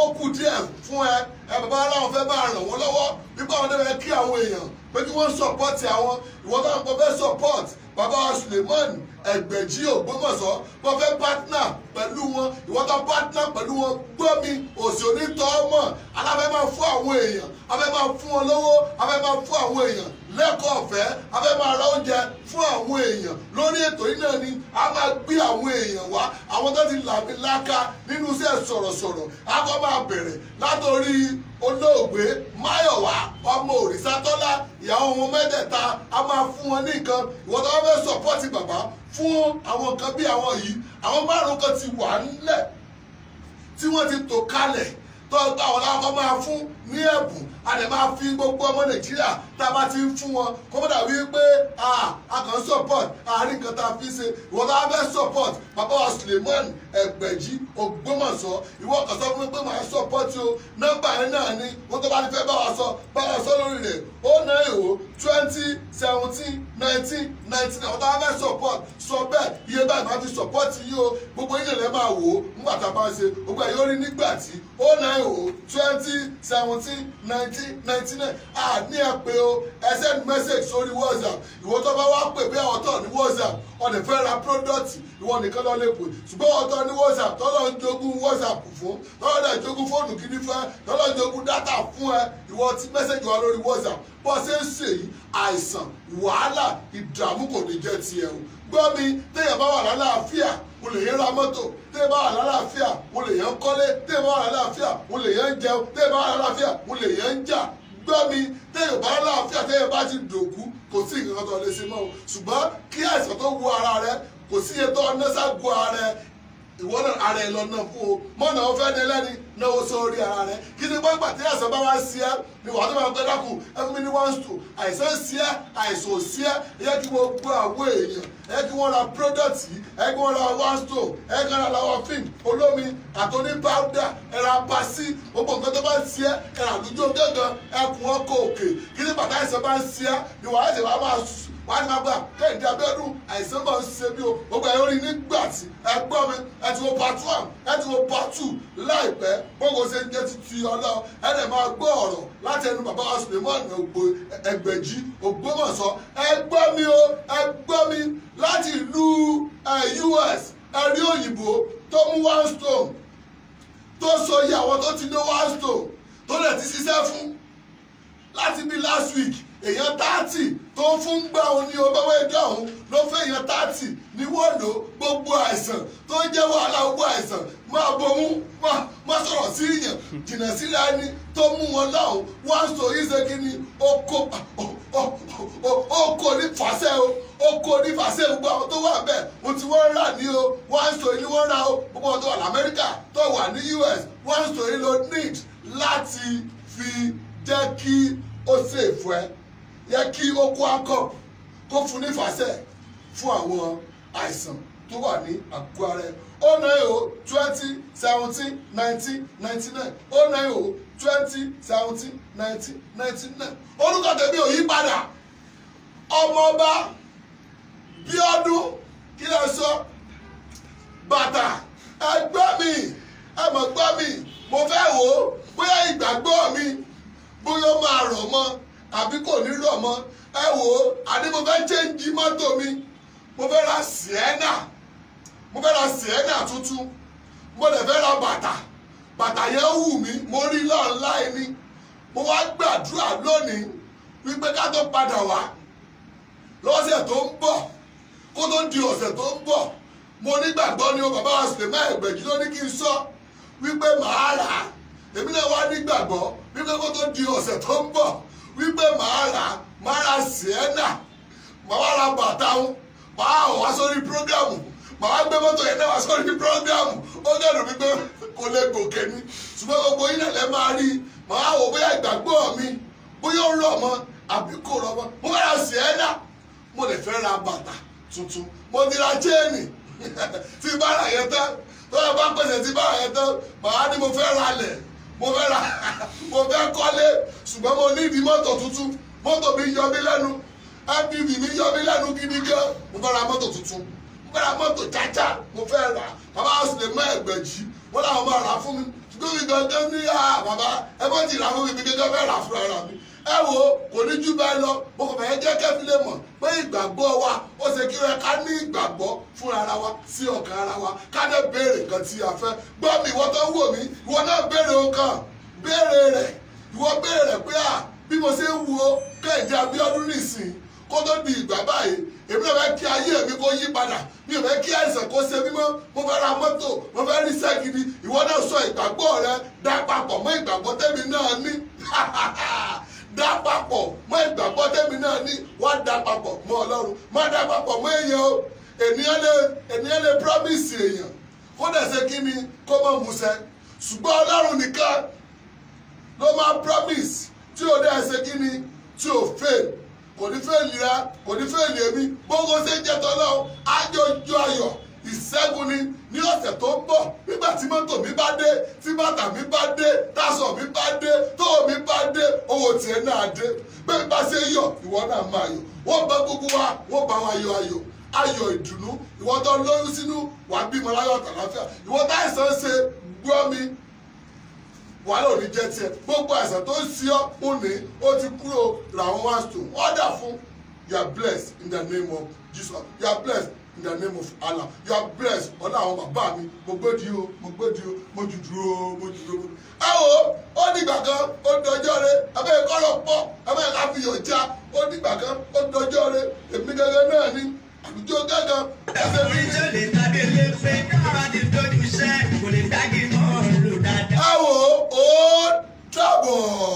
ó kù díẹ̀ fún ẹ ẹ bàbá aláwọ̀ fẹ́ máa ràn wọ́n lọ́wọ́ wípé àwọn dẹ́rẹ́ kí àwọn èèyàn pé kí wọ́n support àwọn ìwọ́n bá wọn fẹ́ support bàbá wa Suleiman Ẹgbẹ̀jì Ògbómọ̀ṣọ́ wọ́n fẹ́ partner pẹ̀lú wọn ìwọ́n tó partner pẹ̀lú wọn gbọ́ mi òsì onítọ́ mọ̀ aláfẹ́ máa fún àwọn èèyàn afẹ́ máa fún wọn lówó afẹ́ máa fún àwọn èèyàn lẹ́kọ̀ọ́ ọ̀fẹ́ a fẹ́ máa ra oúnjẹ fún àwọn èèyàn lórí ètò yìí náà ni a máa gbé àwọn èèyàn wá àwọn tó ti làmì láká nínú iṣẹ́ sọ̀rọ̀sọ̀rọ̀ a kọ́ máa bẹ̀rẹ̀ látòrí olóògbé máyọ̀wá ọmọ òrìṣàtọ́lá ìyàwó wọn mẹ́tẹ̀ẹ̀ta a máa fún wọn ní nǹkan ìwọ́n tó wọ́n fẹ́ sọ̀pọ́ọ̀tì bàbá fún àwọn nǹkan bí àwọn yìí àwọn márùn kan ti wà ńlẹ̀ tí wọ́n ti tò kalẹ̀ tó àwọn làwọn máa fún ní ẹ̀bùn a lè máa fi gbogbo ọmọ nàìjíríà tá a bá ti ń fún wọn kó mọ́tà wí pé a support àárín nǹkan tá a fi ṣe ìwọ tá a support bàbá wa Suleiman Ẹgbẹ̀jì Ògbómọ̀ṣọ́ ìwọ kan sọ fún mi pé màá support o nọ́mbà yẹn náà ni wọ́n tó bá ti fẹ́ bá wa sọ bá wa sọ lórí rẹ̀ ó náà èwo twenty seventeen nineteen nineteen àwọn táwọn fẹ́ support sọ bẹ́ẹ̀ iye báyìí máa fi support yìí o gbogbo yìí lè máa wò ó nígbà tá a bá ń ṣe gbogbo ẹ̀ yóò rí nígbà tí ó náà o twenty seventeen nineteen nineteen nine a ní ẹ pé o ẹ send message sórí whatsapp ìwọ tó bá wá pè bí àwọn tó ní whatsapp ọ̀nà fẹ́ ra product ìwọ nìkan lọ lè pè ṣùgbọ́n àwọn tó ní whatsapp tọ́lọ́ ń jogún whatsapp fún tọ́lọ́ ń jogún fóònù kìíní fún ẹ tọ́lọ́ ń jogún data fún ẹ ìwọ ti message wa lórí whatsapp bó ṣe ń ṣe yìí àìsàn wàhálà ìdààmú kò ní jẹ́ tiẹ̀ o gbọ́ mi téèyàn bá wà lálàáfíà o lè yẹn ra mọ́tò téèyàn bá wà lálàáfíà o lè yẹn kọ́lé téèyàn bá wà lálàáfíà o lè yẹn jẹun téèyàn bá wà lálàáfíà o lè yẹn jà gbọ́ mi téèyàn bá lálàáfíà téèyàn bá ti dòkú kò sí nǹkan tó lè ṣe mọ́ o ṣùgbọ́n kí àìsàn tó wu ara rẹ kò sí iye tó ọ ìwọ náà ara ẹ lọ náà kú o mọ́nà ọ̀fẹ́ ni ẹlẹ́ni náwó sórí ara rẹ kí ni gbọ́ngbà tí àìsàn bá wá sí ẹ ni wàá tó máa gbẹ́ dákú ẹfún mi ní one two àìsàn sí ẹ àìsàn ò sí ẹ ẹ yẹ kí wọ́n gbọ́ àwọ̀ èèyàn ẹ yẹ kí wọ́n ra product yìí ẹ yẹ kí wọ́n ra one two ẹ yẹ kí wọ́n ra làwọn film olómi àtọ́ní powder ẹ ra pasi gbogbo nǹkan tó bá ń sí ẹ ẹ rà lójú ẹ kún ọkọ̀ òkè kí ni bàtà àìsàn bá ń sí ẹ ni wàá wọ́n á ní máa gbà kẹ́hìndé abẹ́rù àìsàn bá ń ṣe bí o gbogbo ẹ̀yọ́ rí nígbà tí ẹ gbọ́ mi ẹ ti wo part one ẹ ti wo part two láìpẹ́ gbogbo ṣe ń jẹ́ ti ti ọlọ́run ẹ lè máa gbọ́ ọ̀rọ̀ láti ẹnu bàbá wa Suleiman ògbó ẹgbẹ̀jì Ògbómọ̀ṣọ́ ẹ gbọ́ mi o ẹ gbọ́ mi láti ìlú US ẹ̀rí òyìnbó tó mú one stone tó sọ iye àwọn tó ti dé one stone tó lè ti ṣiṣẹ́ fún láti bí last week èèyàn thirty tó fún gbà òun ní ọbẹ̀wé ẹjọ́ òun ló fẹ́ yan táàtì ní wọ́ọ̀dọ̀ gbogbo àìsàn tó jẹ́ wàhálà gbogbo àìsàn máa bomú máa sọ̀rọ̀ sí ìyàn jìnnà sílẹ̀ ẹni tó mú wọn láwọn wá ń sọ ìṣe kínní oko ní fàṣẹ o oko ní fàṣẹ gbogbo àwọn tó wà bẹ́ẹ̀ o ti wọ́n rà ní o wá ń sọ ilé wọ́n rà o gbogbo àwọn tó wà lamẹ́ríkà tó wà ní US wá ń sọ ilé need láti fi jẹ́ kí ó ṣèfù ẹ́ yẹ kí ó kó akọp kó fún ní fàṣẹ fún àwọn àìsàn tó wà ní àgọ́ ara ó náà yòó twenty seventeen nineteen ninety nine ó náà yòó twenty seventeen nineteen ninety nine orúkọ tèmi ò yí padà ọmọọba Bíọ́dún kí lè sọ bàtà ẹgbẹ́ mi ẹ̀mọ̀gbọ́n mi mo fẹ́ wò ó bóyá ìgbàgbọ́ mi bóyá ó máa rọ̀ mọ́ àbí kò nílò ọmọ ẹ wò ó àní mo fẹ́ chẹ́ǹjì mọ́tò mi mo fẹ́ ra sienna mo fẹ́ ra sienna tuntun mo lè fẹ́ ra bàtà bàtà yẹn wù mí mo rí lọ́ọ̀lá ẹni mo wá gbàdúrà lónìí wípé ká tó padà wá lọ́sẹ̀ tó ń bọ̀ kó tó di ọ̀sẹ̀ tó ń bọ̀ mo nígbàgbọ́ ni o bàbá wa sùlẹ̀má ẹ̀gbẹ̀jì ló ní kí n sọ wípé màá rà á èmi náà wá nígbàgbọ́ wípé kó tó di ọ̀sẹ̀ tó ń bọ̀ wípé màá rà màá ra sienna màá wá ra bàtà ń màá wọ̀ wá sórí prógrámù màá wá gbé mọ́tò yẹn náà wá sórí prógrámù ó dẹ̀rù wípé kò lè gòkè ni ṣùgbọ́n gbogbo yín náà lẹ máa rí màá wò bóyá ìgbàgbọ́ mi bóyá ó rọ̀ mọ́ àbí kò rọ̀ mọ́ mo fẹ́ ra sienna mo lè fẹ́ ra bàtà tuntun mo ti ra chéènì <laughs> tí bá ra yẹn tán tó yẹ bá pèsè tí bá ra yẹn tán màá ní mo fẹ́ ra lẹ̀ mo fẹ́ ra mo fẹ́ kọ́lé ṣùgbọ́n mo ní ìdí mọ́tò tuntun mọ́tò mi yọ mí lẹ́nu MPV mi yọ mí lẹ́nu gidi gan mo fẹ́ ra mọ́tò tuntun mo fẹ́ ra mọ́tò jájá mo fẹ́ rà bàbá àṣìlè mọ́ ẹ̀gbẹ̀jì wọ́n làwọn máa rà fún mi ṣùgbọ́n mi ní ah, bàbá ẹ ti rà fún mi mi gangan fẹ́ rà fúnra mi ẹ wo kò ní jù báyìí lọ mo kàn fẹ́ jẹ́ kẹ́fí lè mọ̀ pé ìgbàgbọ́ wa ó ṣe kí ká ní ìgbàgbọ́ fún ara wa sí ọkàn ara wa ká lè béèrè nǹkan tí a fẹ́ gbọ́ mi ìwọ tó wò mí ìwọ náà béèrè nǹkan béèrè rẹ̀ ìwọ béèrè rẹ̀ pé à bí mo ṣe ń wo kẹ́hìndé Abíọ́dún nìsín kó tó di ìgbà báyìí èmi náà fẹ́ kí ayé mi kó yí padà mi ò fẹ́ kí àìsàn kó ṣe mímọ́ mo fẹ́ ra mọ́tò mo fẹ́ rí iṣẹ́ gidi ìwọ náà sọ ìgbàgbọ́ rẹ dá papọ̀ mọ́ ìgbàgbọ́ tẹ́mi náà ní ìgbàgbọ́ tèmi náà ní wá dà papọ̀ mọ́ ọlọ́run má dà papọ̀ mọ́ èèyàn o ènìyàn lè ènìyàn lè promise èèyàn kó dẹ̀ ṣe kí ni kó mọ̀ musẹ́ ṣùgbọ́n ọlọ́run nìkan ló máa promise tí ò dẹ̀ ṣe kí ni tí ò fail kò ní fail ra kò ní fail èmi gbogbo ṣe ń jẹ́ tọ́lọ́ àjọjọ ayọ̀ ìṣẹ́gun ni ní ọ̀sẹ̀ tó ń bọ̀ nígbà tí mọ́tò mi bá dé tí bàtà mi bá dé táṣọ mi bá dé tóò mi bá dé owó tiẹ̀ náà dé pé bá ṣe yọ ìwọ náà máa yọ wọ́n bá gbogbo wa wọ́n bá wa yọ ayọ̀ ayọ̀ ìdùnnú ìwọ tó ń lóyún sínú wàá bímọ láyọ̀ àtàláfíà ìwọ táìsàn ṣe gbọ́ mi wàhálà òní jẹ tiẹ̀ gbogbo àìsàn tó ń sí ọ òní ó ti kúrò làwọn wá stone order fún you are blessed in the name of Jesus you are blessed in the name of Allah you are blessed ọ̀dọ̀ àwọn bàbá mi mo gbódi o mo gbódi o mo jùdú o mo jùdú o. ẹ wo ó dìgbà kan ó dọjọ́ re abẹ́rẹ́ kọ́rọ̀ pọ̀ abẹ́rẹ́ ká já ó dìgbà kan ó dọjọ́ re èmi gẹ́gẹ́ náà ni àlùjọ gángan. ẹ̀sẹ̀ mi jẹ́ lè tàbí ilé pé káwá ti tójú iṣẹ́ kò lè dági mọ́ ọ̀rọ̀ dáadáa. ẹ wo ó dàbọ̀.